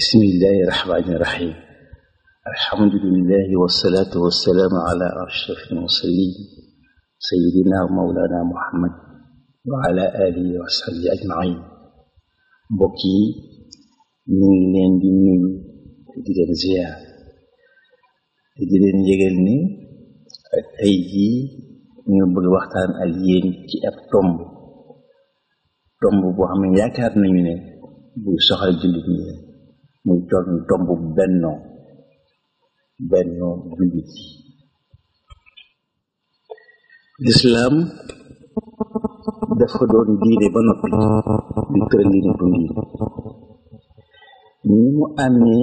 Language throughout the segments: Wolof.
بسم الله الرحمن الرحيم الحمد لله والصلاة والسلام على أشرف المرسلين سيدنا مولانا محمد وعلى آله وصحبه أجمعين بوكي من لين دي نوي تدين زيا تدين يجلني التيجي نيوب الوقتان اليين كي أبتم تم بو حمين يكار نميني بو سخر جلد نيوي muy ton tombu bennoo bennoo jullit yi lislaam dafa doon diine ba noppi di tëralin dundin ni mu amee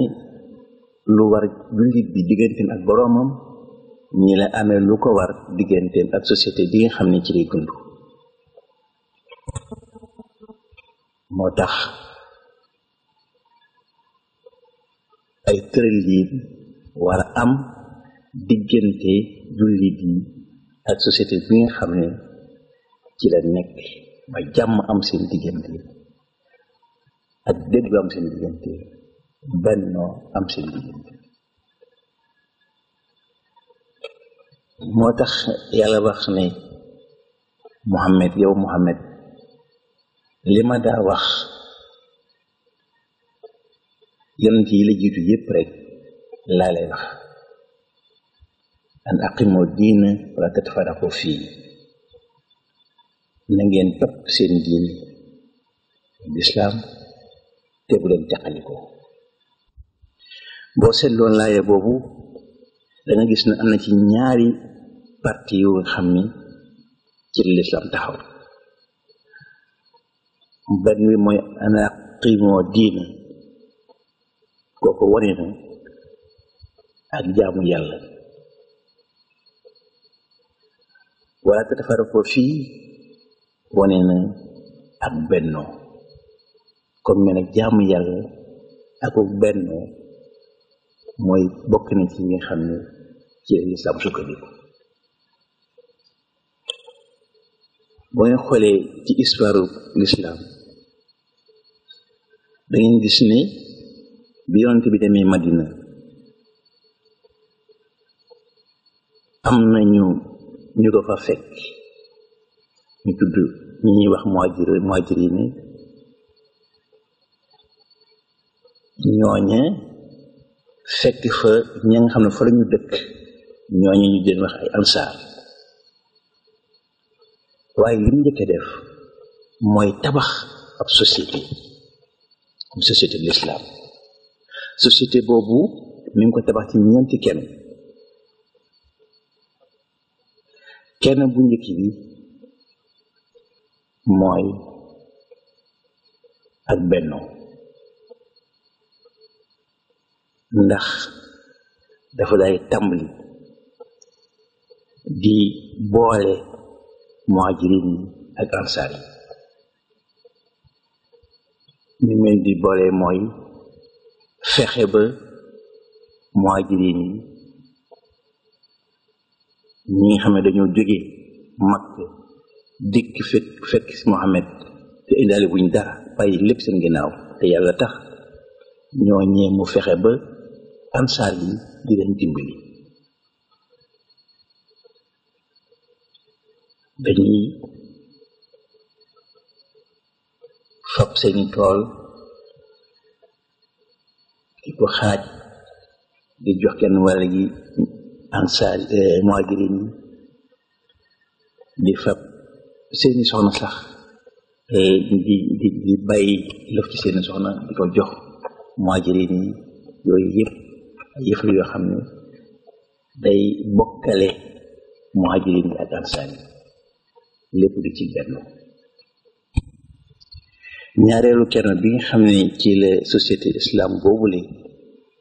lu war jullit bi digganteem ak boroomam ñi la amee lu ko war digganteem ak société bi nga xam ne ci lay dund moo tax ay tërëliin war a am diggante jullit yi ak société bi nga xam ne ci la nekk ma jàmm am seen diggante ak déggu am seen diggante benno am seen diggante moo tax yàlla wax ne Muhammad yow Muhammad li ma daa wax yonent yi la jiitu yépp rek laa lay wax an aqimu diina wala tatfaraqu fii na ngeen topp seen diin lislaam te bu leen teqalikoo boo seetloo laaye boobu da gis ne am na ci ñaari parti yu nga xam ni ci lislaam taxaw benn wi mooy an aqimu diina koko wane ak jaamu yàlla wala tatafarako fii wane na ak bennoo kon me nag jaamu yàlla ak bennoo mooy bokk na ci xam ne ci lislaam sukkandiku bu ngeen xoolee ci histoire lislaam da ngeen gis ne bi yonent bi demee Madina am nañu ñu ko fa fekk ñu tudd ñu ñuy wax muhajir muhajir yi ne ñooñe fekk fa ña nga xam ne fa la ñu dëkk ñooñe ñu jën wax ay ansaar waaye li mu njëkk def mooy tabax ab société comme société de l'islam société boobu mi ko tabax ci ñeenti kenn kenn bu njëkk bi mooy ak benno ndax dafa day tàmbali di boole muhajirin yi ak ansaar yi ni mel di boole mooy صاحب مهاجريني ني خما دانيو جوغي مكه ديك فك فك محمد تي اندال وين دار باي لب سن غيناو تي يالا تخ ньо ني مو فخه با انصار لي دي لن ديمبلي دني فاب سيني تول di ko xaaj di jox kenn wàll gi ansaar eh, muhajirin di fab seeni soxna sax eh, di di di bàyyi lëf ci seeni soxna di ko jox muhajirin yi yooyu yëpp yëf la yoo xam ne day bokkale muhajirin yi ak ansaar yi lépp di ci benn ñaareelu kerno bi nga xam ne ci le société islam boobule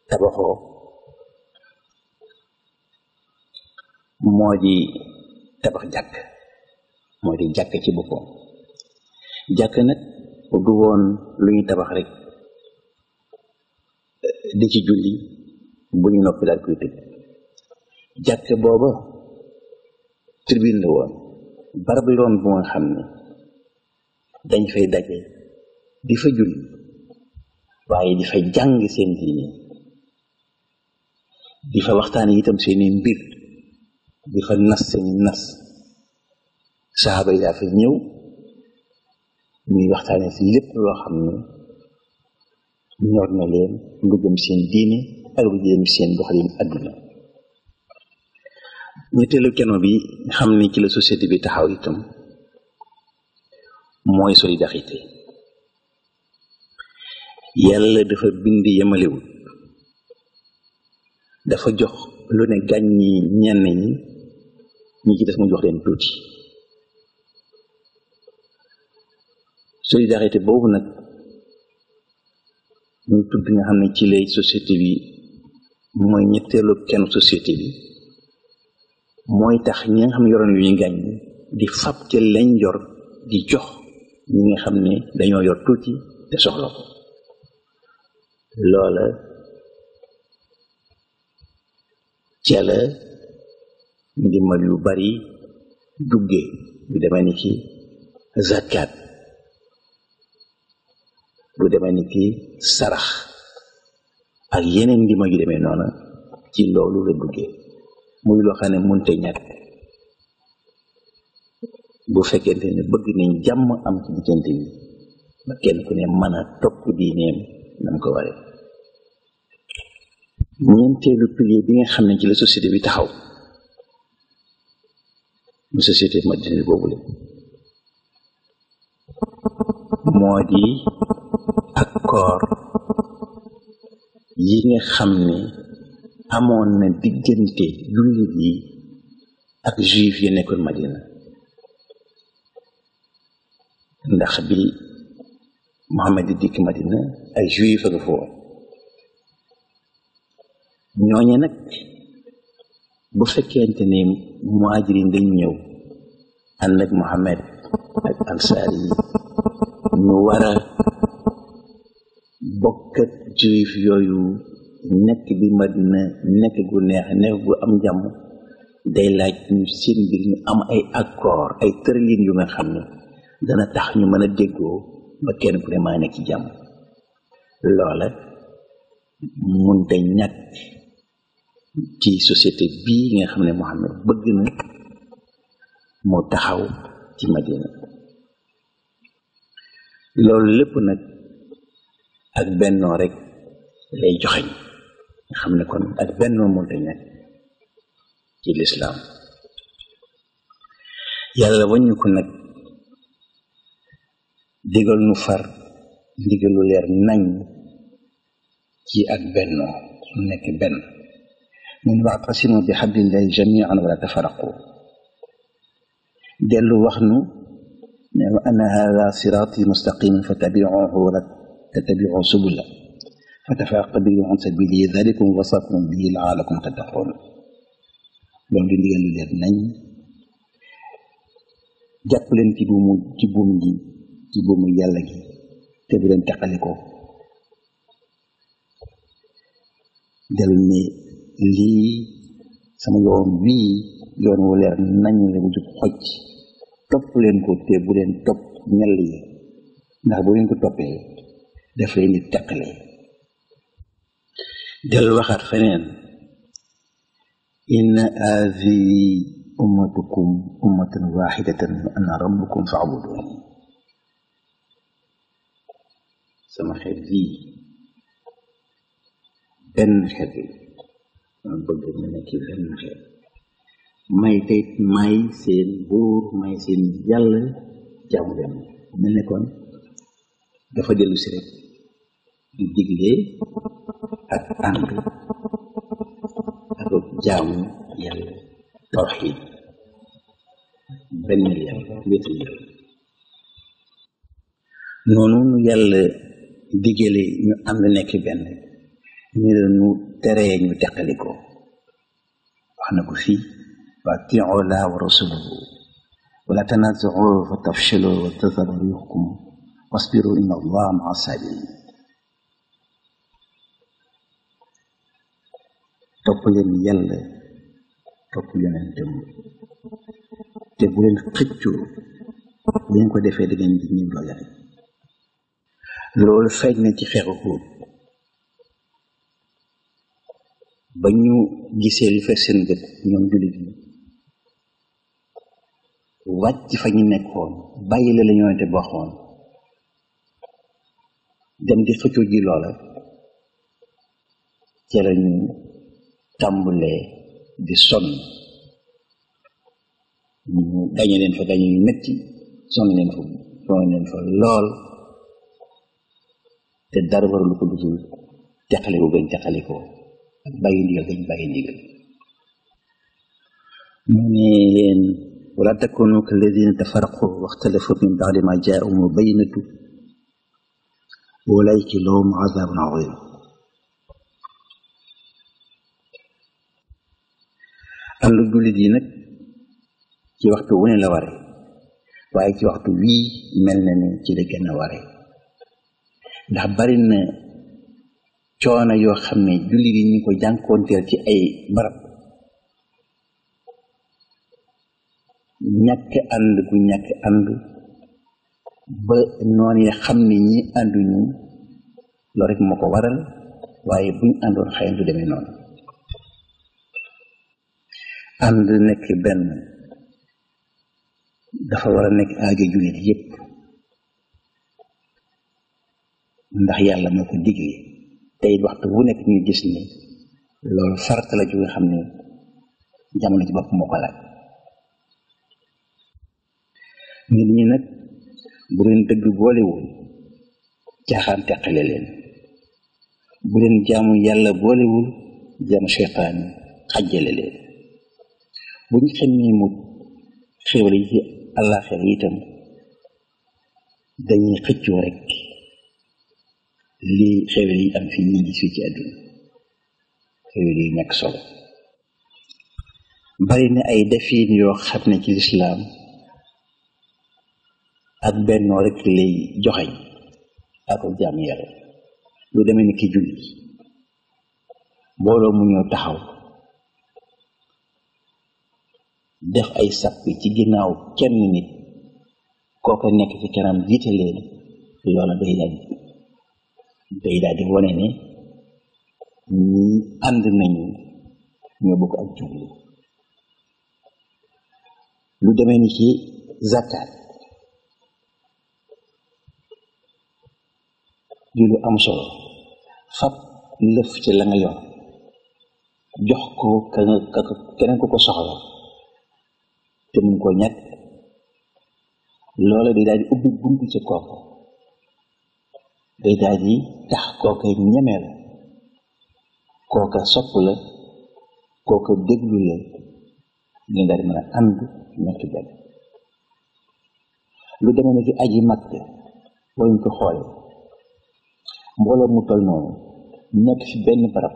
tabaxoo moo di tabax jàkk moo di jàkk ci boppam jàkk nag du woon luy tabax rek di ci julli bu ñu noppi daal koy tëj jàkk booba tribune la woon barab bu nga xam ne dañ fay daje di fa julli waaye di fa jàng seen diine di fa waxtaane itam seeni mbir di fa nas seeni nas saxaaba yi daa fa ñëw muy waxtaane fi lépp loo xam ne ñor na leen lu jëm seen diine ak lu jëm seen doxalin adduna ñetteelu keno bi xam ne ci société bi taxaw itam mooy solidarité yàlla dafa bind yemalewul dafa jox lu ne gàññi ñenn ñi ñi ci def mu jox leen tuuti solidarité boobu nag ñu tudd nga xam ne ci lay société bi mooy ñetteelu kenn société bi mooy tax ñi nga xam ne yoroon yu ñu gàññ di fab ca lañ yor di jox ñi nga xam ne dañoo yor tuuti te soxla ko Lola, Jala, eh. chala eh. ngi ma yu bari duggé bu déma ni ki zakat bu déma ni ki sarah ak yenen ngi ma gi démé nona ci eh. lolou la duggé muy lo xane munte ñak bu fekkenté ni bëgg ni jamm am ci digënté ni ma kenn ku ne mëna top diiném nam ko waree ñeenteelu pilier bi nga xam ne ci la société bi taxaw mu société moderne boobu la moo di accord yi nga xam ne amoon na diggante jullit yi ak juif yi nekkoon madina ndax bi Muhammad di dikk madina ay juif ak foofu ñooñe nag bu fekkente ni muhajirin dañ ñëw ànd ak Muhammad ak ansaar yi ñu war a juif yooyu nekk bi Madina nekk gu neex nekk gu am jàmm day laaj ñu seen ñu am ay accord ay tëralin yu nga xam ne dana tax ñu mën a déggoo ba kenn ku ne maa nekk ci jàmm loola munte ñàkk ci société bii nga xam ne Muhammad bëgg na mu taxaw ci Madina loolu lépp nag ak bennoo rek lay joxeñ nga xam ne kon ak bennoo munte ñàkk ci lislaam yàlla wañu ko nag digal nu far ndigalu leer nañ ci ak benno su nekk benn min wa'tasimu bi hablillahi jami'an wa la tafarraqu dellu wax nu ne wa anna hadha sirati mustaqiman fatabi'uhu wa la tattabi'u subula فتفرق به عن سبيله ذلكم وصفكم به لعلكم تتقون لو دي ديغال لير نان جاب لين تي بوم تي بوم دي تي بوم يالا جي تي بو لين تخاليكو dellu ni lii sama yoon wii yoon wu leer nañ la bu jub topp leen ko te bu leen topp ñell yi ndax bu leen ko toppee daf leen di teqale dellu waxaat feneen inna haadihi ummatukum ummatan waxidatan ana rabbukum faabuduuni sama xeet yii benn xeet yi ma bëgg may tey may seen buur may seen yàlla jaamu leen mel ne kon dafa dellu rek di ak ànd ak jaamu yàlla tawxiid benn yàlla wéetu yàlla noonu yàlla digale ñu ànd nekk benn ñi lañu teree ñu teqalikoo wax na ko fii wa atiu laa wa rasulahu wala tanaaza'u fa tafshalu wa tadhhaba wasbiru inna allaha ma'a saabiriin topp leen yàlla topp yonentam te bu leen xëccoo ko defee da ngeen di ñëw doole rek loolu feeñ na ci fexu ba ñu gisee li fees seen bët ñoom jullit yi wàcc nekkoon bàyyi la la ñoonte bu waxoon dem loola ca la di sonn ñu gañe fa gañe metti sonn fa lool te dara waralu ko dudul teqale bu بينيهم بينهم منين ولا تكونوا كالذين تفرقوا واختلفوا من بعد ما جاءهم البينة أولئك لهم عذاب عظيم àndu jullit yi nag ci waxtu wu ne la ware waaye ci waxtu wii mel na ne ci la gën a ware ndax bari na coono yoo xam ne jullit yi ñu ngi ko jànkoonteel ci ay barab ñàkk ànd gu ñàkk ànd ba noonu yi xam ne ñi ànduñu loolu rek moo ko waral waaye buñ àndoon xëy du demee noonu ànd nekk benn dafa war a nekk aajo jullit yépp ndax yàlla moo ko diggee tey it waxtu bu nekk ñu gis ni loolu farata la ju nga xam ne jamono ci bopp moo ko laaj nit ñi nag bu leen dëgg boolewul caaxaan teqale leen bu leen jaamu yàlla boolewul jaamu seytaan xajjale leen bu ñu xemmee mu xéwal yi ci àllaaxira itam dañuy xëccoo rek li xewel yi am fii ñu gis fii ci àdduna xewel yi ñàkk solo bari na ay defiin yoo xam ne ci lislaam ak benn rek lay joxeñ ak jaam yàlla lu demee ni ki julli mbooloo mu taxaw def ay sàppi ci ginnaaw kenn nit kooku nekk ci kanam jiite leen loola day dañ day daal ne ñi ànd nañu ñoo bokk ak jublu lu demee ci zakat di am solo fab lëf ci la nga yor jox ko ka nga keneen ku ko soxla te mun koo ñàkk loola day daal di ubbi ci kooku day daal di tax kooka ñeme la kooka sopp la kooka déglu la ngeen daal di mën a ànd nekk benn lu demee ne fi aji mag la boo ñu ko xoolee mbooloo mu tol noonu nekk fi benn barab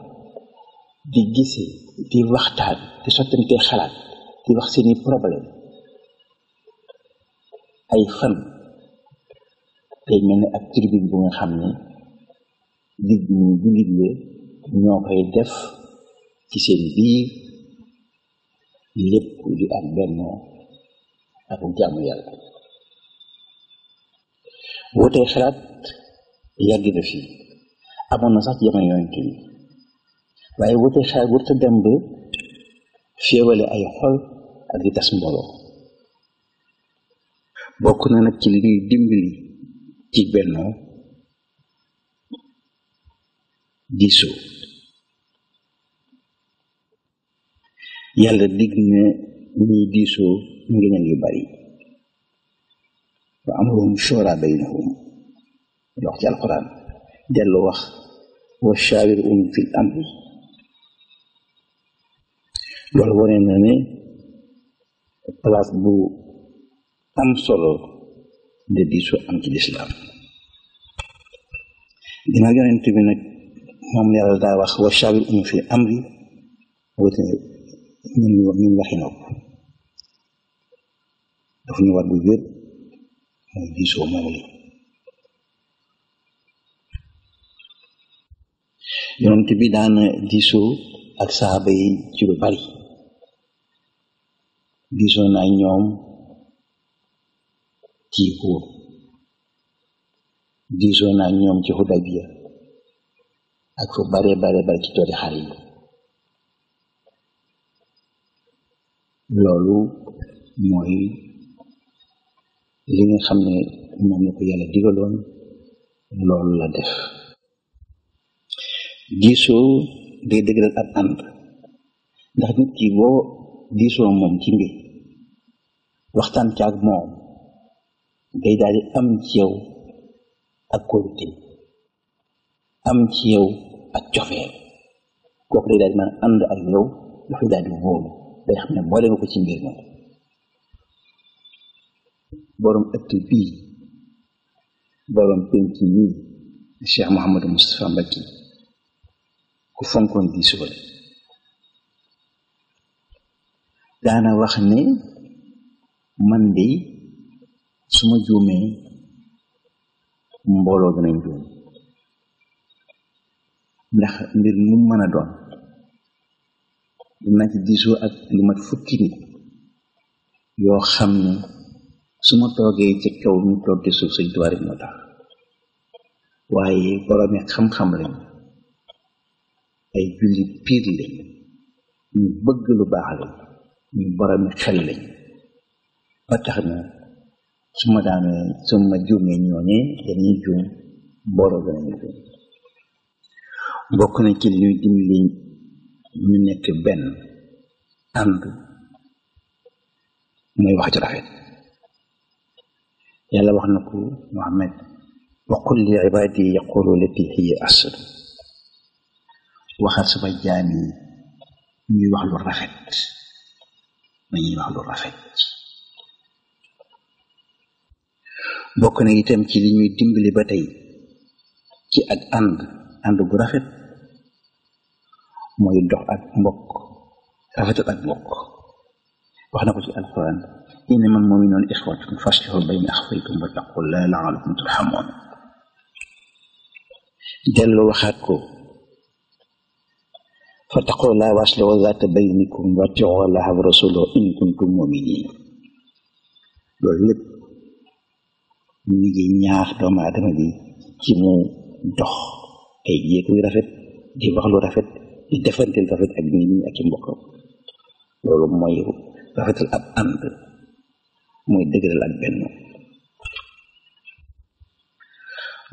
di gisee di waxtaan di sottante xalaat di wax seeni problème ay fan tey mel ni ak tribune bu nga xam ne lig jullit la ñoo def ci di ak bennoo ak jàmm yàlla wootee xalaat yàgg na fii amoon na sax jamono yonent yi waaye wootee xalaat warta dem ba féewale ay xol ak di tas mbooloo bokk na nag ci li ñuy ci bennoo diisoo yàlla digg na ñuy diisoo ngëneel yu bari wa amruhum shura baynahum wax ci alquran dellu wax wa shaawirhum fil amri loolu wane na ne place bu am solo de diisoo am ci lislaam ginnaaw yonent bi nag moom yàlla daa wax wa shaawirhum fi amri woote ñun ñu ñun waxi war bu diisoo moom li yonent bi daana diisoo ak saaba yi bari diisoo naa ñoom ci diisoo naa ñoom ci Hudaybiya ak fu bare bare bare ci tooli xar loolu mooy li nga xam ne moom la ko yàlla digaloon loolu la def diisoo day dëgëral ab ànd ndax nit ki diisoo moom ci waxtaan caag moom day daal di am ci yow ak kóolute am ci yow ak cofeel kooku day daal di mën a ànd ak yow dafay daal di wóolu nga ko ci mbir moom borom ëtt bii borom penc yi Cheikh Mouhamadou Moustapha ku fonkoon di suba la daana wax ne man de su ma juumee mbooloo danañ juum ndax mbir mu mën a doon dina ci diisoo ak lu mat fukki nit yoo xam ne su ma toogee ci kaw ñu toog ci suuf suñ tubaar moo tax waaye boroomi xam-xam lañ ay julli piir lañ ñu bëgg lu baax la ñu boroomi xel lañ ba tax na ثم 다음에 ثم 주메뉴니 얘는 주 뭐로 되는 거 bokk na ci li dimbali ñu nekk benn ànd mooy wax ju rafet yàlla wax na ko muhammad wa qul li ibadi yaqulu lati hiya asad waxal sama jaam yi ñuy wax lu rafet nañuy wax lu rafet bokk na itam ci li ñuy dimbali ba tey ci ak ànd ànd bu rafet mooy dox ak mbokk rafetal ak mbokk wax na ko ci alquran innama almuminuun ixwatun faslihu bayna axwaykum wa taqullah laalakum turhamoon dellu waxaat ko فاتقوا الله واصلحوا ذات بينكم واتقوا الله ورسوله ان كنتم مؤمنين lepp ñu ngi ñaax doomu aadama bi ci mu dox ay jéego rafet di wax lu rafet di defanteel rafet ak nit ak i mbokkam loolu mooy rafetal ab ànd mooy dëgëral ak benn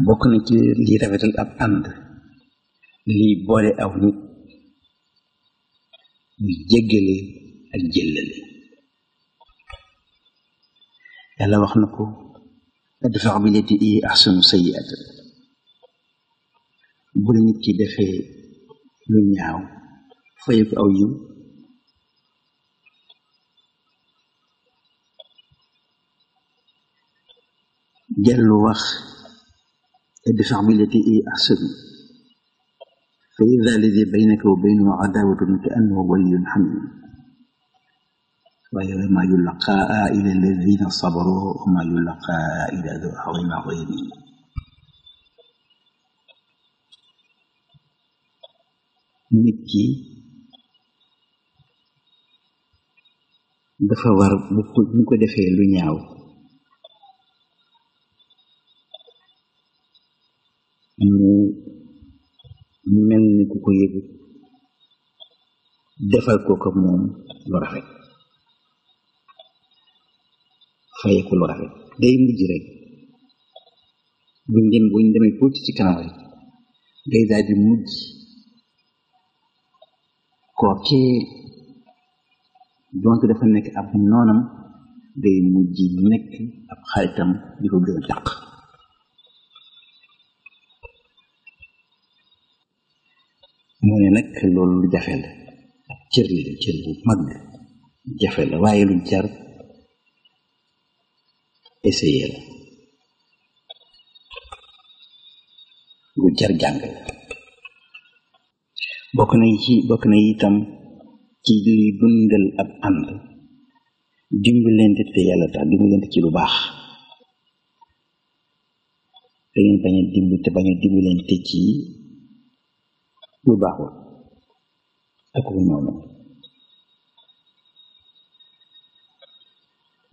bokk na ci lii rafetal ab ànd lii boole aw nit ñu jéggale ak jëllale yàlla wax na ko ادفع بلادي إيه، أحسن سيئة بلنك كي دفي من يعو فيك أو يو قال له وخ ادفع بلادي إيه، أحسن فإذا الذي بينك وبينه عداوة كأنه ولي حميم ويوم يلقى إلى الذين صبروا وما يلقى إلى ذو عظيم عظيم نبكي دفا وار نكو دفي لو نياو مو ملني كوكو يغي موم لو fayee ko lu rafet day mujj rek bu ngeen demee tuuti ci kanam rek day daal mujj kookee donte dafa nekk ab noonam day mujj nekk ab xaritam di ko gën a taq moo ne nag loolu lu jafe la ab cër la cër bu mag jafe la waaye lu jar essayé la lu jar jàng bokk na ci itam ci liy dundal ab ànd dimbalante te yàlla tax dimbalante ci lu baax te ngeen bañ a te ci lu baaxul ak noonu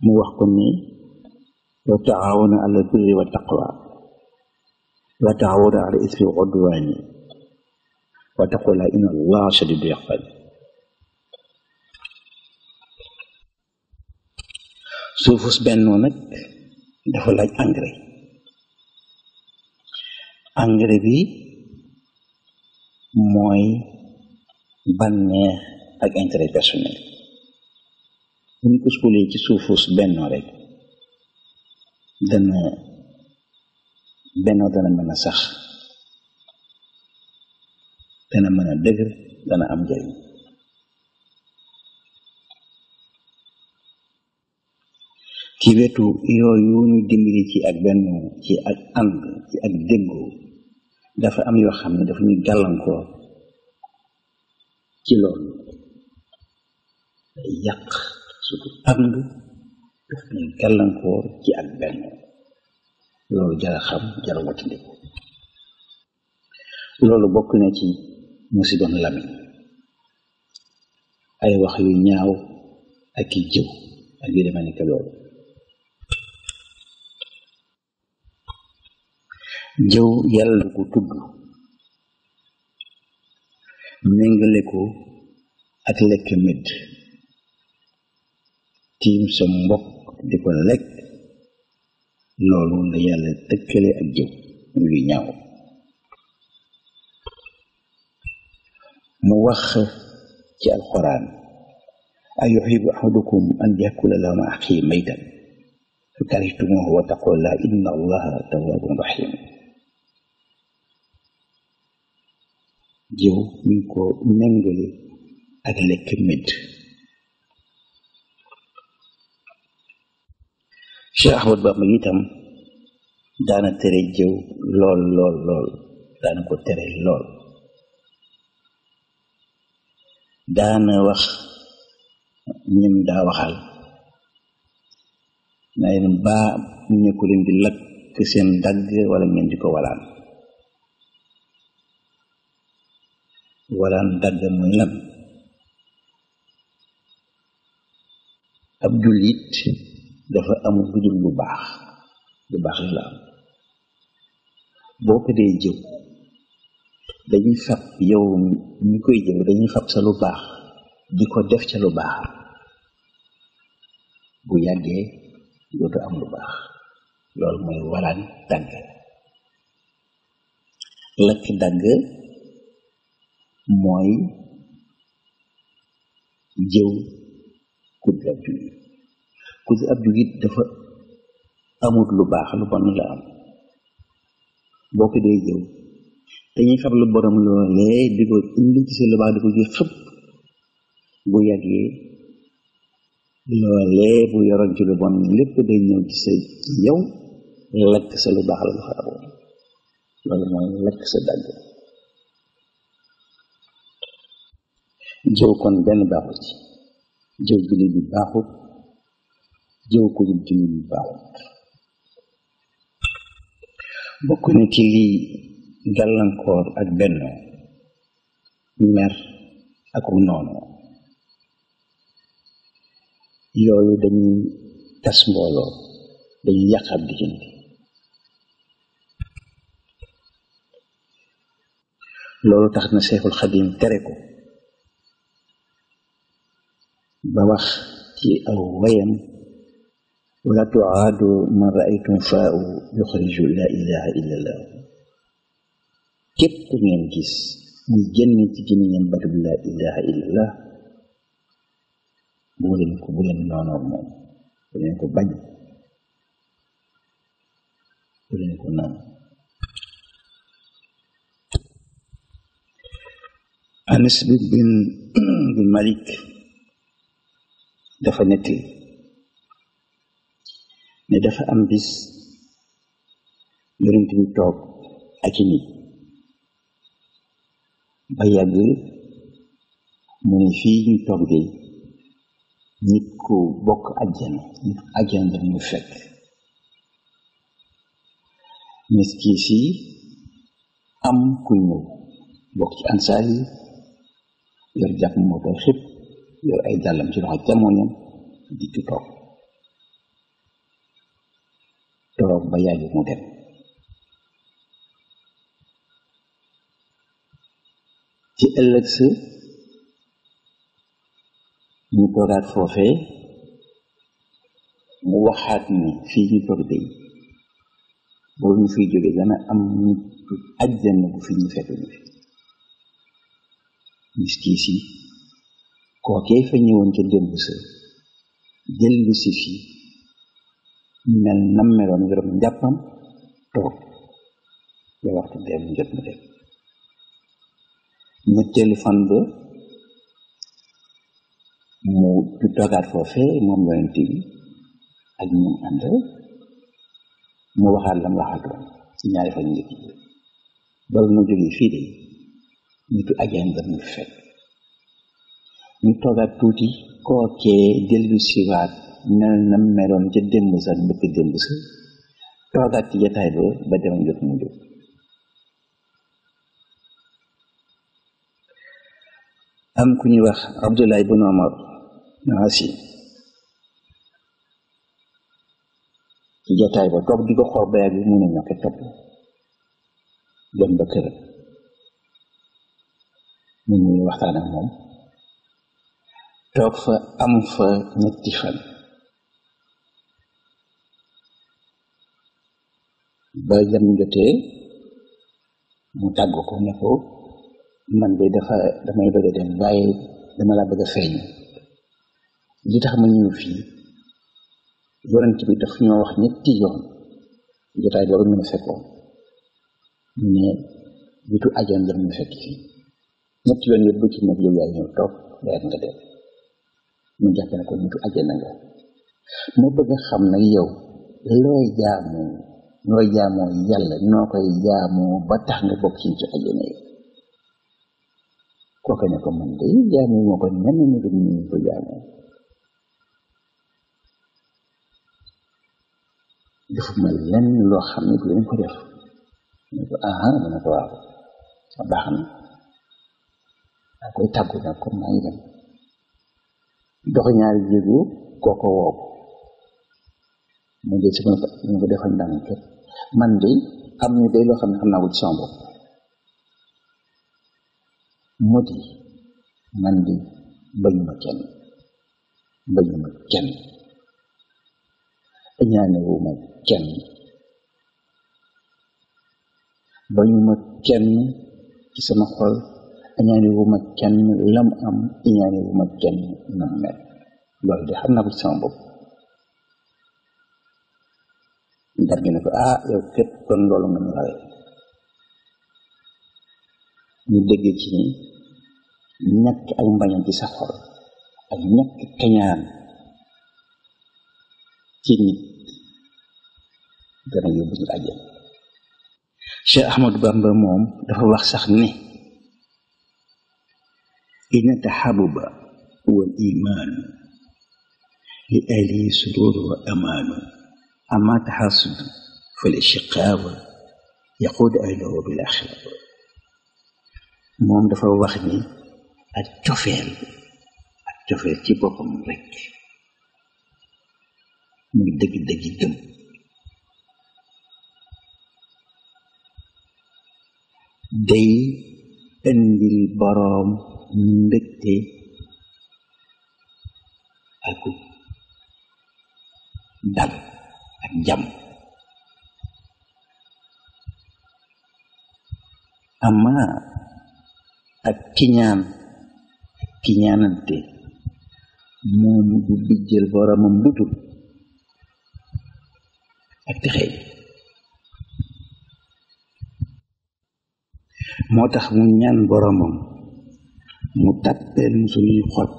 mu wax ko wa ta'awuna 'alal birri wat taqwa wa ta'awuna 'alal ismi wal 'udwan wa taqul inna Allah shadidul 'iqab sufus ben no nak dafa laaj engrais engrais bi moy banne ak intérêt personnel ni ko skulé ci sufus ben no rek dana benn dana mën a sax dana mën a dëgër dana am njëriñ ci wetu yooyu ñu dimbali ci ak benn ci ak ànd ci ak déggoo dafa am yoo xam ne dafa nu gàllankoor ci loolu day yàq daf ñuy gàllankoor ci ak benn loolu jara xam jara wattandiku loolu bokk na ci musibam lamiñ ay wax yu ñaaw ak i jëw ak yu demee nekk loolu jëw yàlla ko tudd méngale ko ak lekk medd tiim sa di ko lekk loolu la yàlla tëkkale ak jëw luy ñaaw mu wax ci alquran ayuxibu ahadukum an yakula lama axi maytan fa karihtumuhu wa taqula inna allaha tawabun rahim jëw ñu ko méngale ak lekk medd Cheikh Ahmad Bamba itam daana tere jëw lool lool lool daana ko tere lool daana wax ñim daa waxal na leen baa ñu ko leen di lakk wala ngeen walaan walaan dagg mooy lan ab jullit dafa amul lu dul lu baax lu la am boo ko dee jëw dañuy fab yow ñi koy jëw dañuy fab sa lu baax di ko def ca lu baax bu yàggee dootu am lu baax loolu mooy walaan dagg lakk dagg mooy jëw ku gratuit ku fi ab jugit dafa amut lu baax lu bon la am boo ko dee jëw dañuy xam lu borom loolee di ko indi ci lu baax di ko ci xëpp bu yàggee loolee bu yoroon ci lu bon lépp day ñëw ci sa yow lakk sa lu baax la dafa amoon loolu mooy lakk sa dagg jëw kon benn baaxu ci jëw jullit bi baaxut jëw ko dul ci nit ñu baaxut bokk na ci lii gàllankoor ak benn mer ak noonu yooyu dañuy tas mbooloo dañuy yàq ab diggante loolu tax na Seexul Xadim tere ko ba wax ci aw wayam ولا تعاد من رأيت فاء يخرج لا إله إلا الله كيف تنينكس من جنة جنة ينبغ لا إله إلا الله بولن كبولن ما نرمو بولن كبني بولن كنام أنس بن بن مالك دفنتي ne dafa am bis yonent bi toog ak i nit ba yàgg mu ne fii ñu de nit ku bokk ajjana nit ku ajjana dañu fekk miski am ku ñëw bokk ci ansaar yi yor jàpp moo ay dàllam ci loxo càmmoñam di ci yaa jóg mu dem ci ëllëg sa ñu toogaat foofee mu waxaat ne fii ñu toog day boo ñu fiy jóge dana am nit àjjana bu fi ñu fekk ñu fi fa ñëwoon ca démb sa jël si fii mel nam meloon ngërëm njàppam toog ba waxtu dem jot mu dem ñetteelu fan ba mu du toogaat foofee moom yonent bi ak ñoom ànd mu waxaat lam waxaatoon ci ñaari fan njëkk yi bala nu jógee fii de nitu ajaan nga mu fekk ñu toogaat tuuti kookee dellu siwaat mel na meloon ca démb sa bëkk démb ci jataay ba ba jot mu am ku ñuy wax Abdullah ibn Omar naasi ci jataay ba toog di ko ba yàgg mu ne ñoo ko topp dem ba kër mu ñuy waxtaan moom toog fa am fa ñetti fan ba jam jotee mu tàgg ko ne ko man de dafa damay bëgg a dem waaye dama laa bëgg feeñ li tax ma ñëw fii yonent bi daf ñoo wax ñu ne ñu ne la ñu fekk fii ñetti yoon yëpp bu ci nekk yow yaay ñëw toog weer ñu jàpp na nga ma bëgg xam nag yow looy jaamu noo jaamoo yàlla noo koy nga bokk ci ci àjjana kooka ne ko man de jaamu moo ko nen ni ko loo xam ne dañ ko def ne ko aha ma ne ko waaw baax na daa si ko defal ndànk képp man de am ni day lo xamne xamna wut sama bop modi man de bañuma kenn bañuma kenn ñane wu ma kenn bañuma kenn ci sama xol ñane wu ma kenn lam am ñane wu ma kenn nam ne lol di xamna wut sama bop Entar ah, ya, kene ke A, yo ket kon lolu men lay ni deg ci ni ñak ay banyak ci safar ak ñak kenyaan ci ni dama yobbu ci aje cheikh ahmad bamba mom dafa wax ni inna tahabba wal iman li ali sururu wa amanu أما تحصل في الإشقاء يقود أهله بالأخلاق المهم دفعوا وخني التفل التفل تبقى مرك مدق دق دم دي اندي البرام مدقتي أكو دم ak jàmm ak kiñaan ak kiñaanante moo mujj bijjël boromam lutul ak texe moo tax mu ñaan boromam mu tàppeel ñu suñuy xol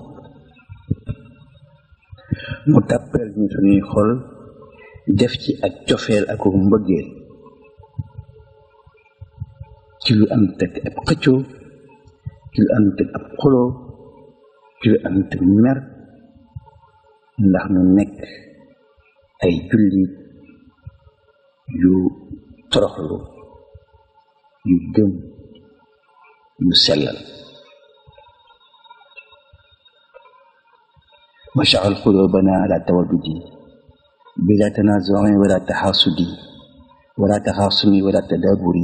mu tàppeel ñu suñuy xol def ci ak cofeel ak mbëggeel ci lu am teg ab xëccoo ci lu am teg ab xoloo ci lu am teg mer ndax nu nekk ay jullit yu toroxlu yu gëm yu sellal واشعل قلوبنا على تودده بلا تنازع ولا تحاسد ولا تخاصم ولا تدابر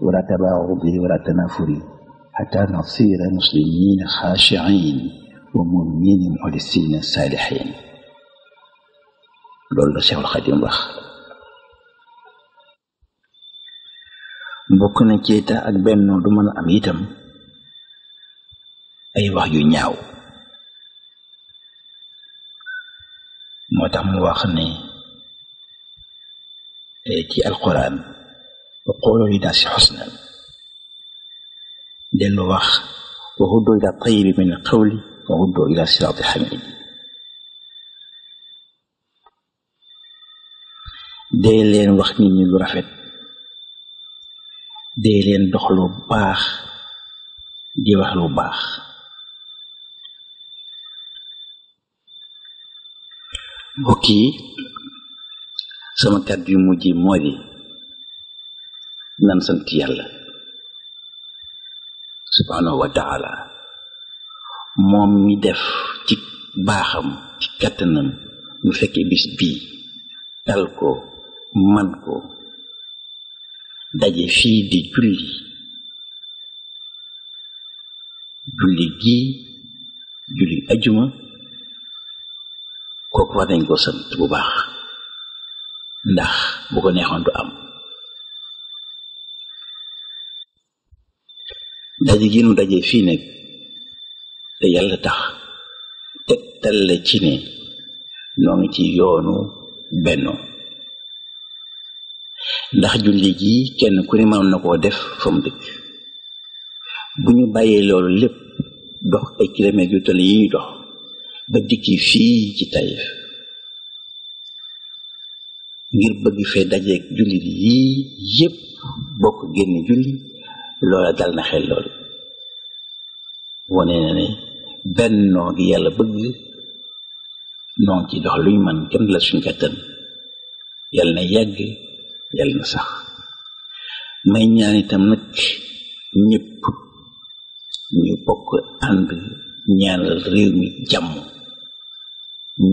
ولا تباعد ولا تنافر حتى نصير مسلمين خاشعين ومؤمنين مخلصين صالحين لولا شيخ الخادم الله بوكنا كيتا na ci ak benn du mën a am itam موتاخ مو واخني القران وقولوا لناس حسنا دل واخ وهدوا الى الطيب من القول وهدوا الى صراط الحميد ديلين واخني من رفت ديلين دخلوا باخ دي واخلوا باخ mbokk sama kàddu yu mujj moo nan sant yàlla subhaanahu wa moom mi def ci baaxam ci kàttanam ñu fekkee bis bii tal ko man ko daje fii di julli julli gii julli ajuma kooku war nañ ko sant bu baax ndax bu ko du am daje nu daje fii nag te yàlla tax tegtal la ci ne ci yoonu benno ndax julli gi kenn ku ne mën na koo def fa mu bu ñu bàyyee loolu lépp dox ay kilomètres yu yi ñu dox bëgg ci fii ci tey ngir bëgg fee dajeeg jullit yii yépp bokk génn julli loola dal na xel loolu wone na ne benn noo gi yàlla bëgg noo ci dox luñ man kenn la suñ kattan yàlla na yàgg yàlla na sax may ñaan itam nag ñëpp ñu bokk ànd ñaanal réew mi jàmm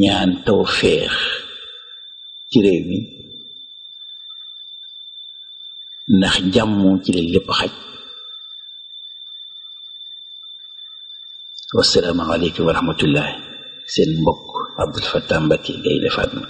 ñaan taw feex ci réew mi ndax jàmm ci leen lépp xaj wassalaamu aleykum wa rahmatullah seen mbokk Abdou Fatah Mbacké Gaïndé Fatma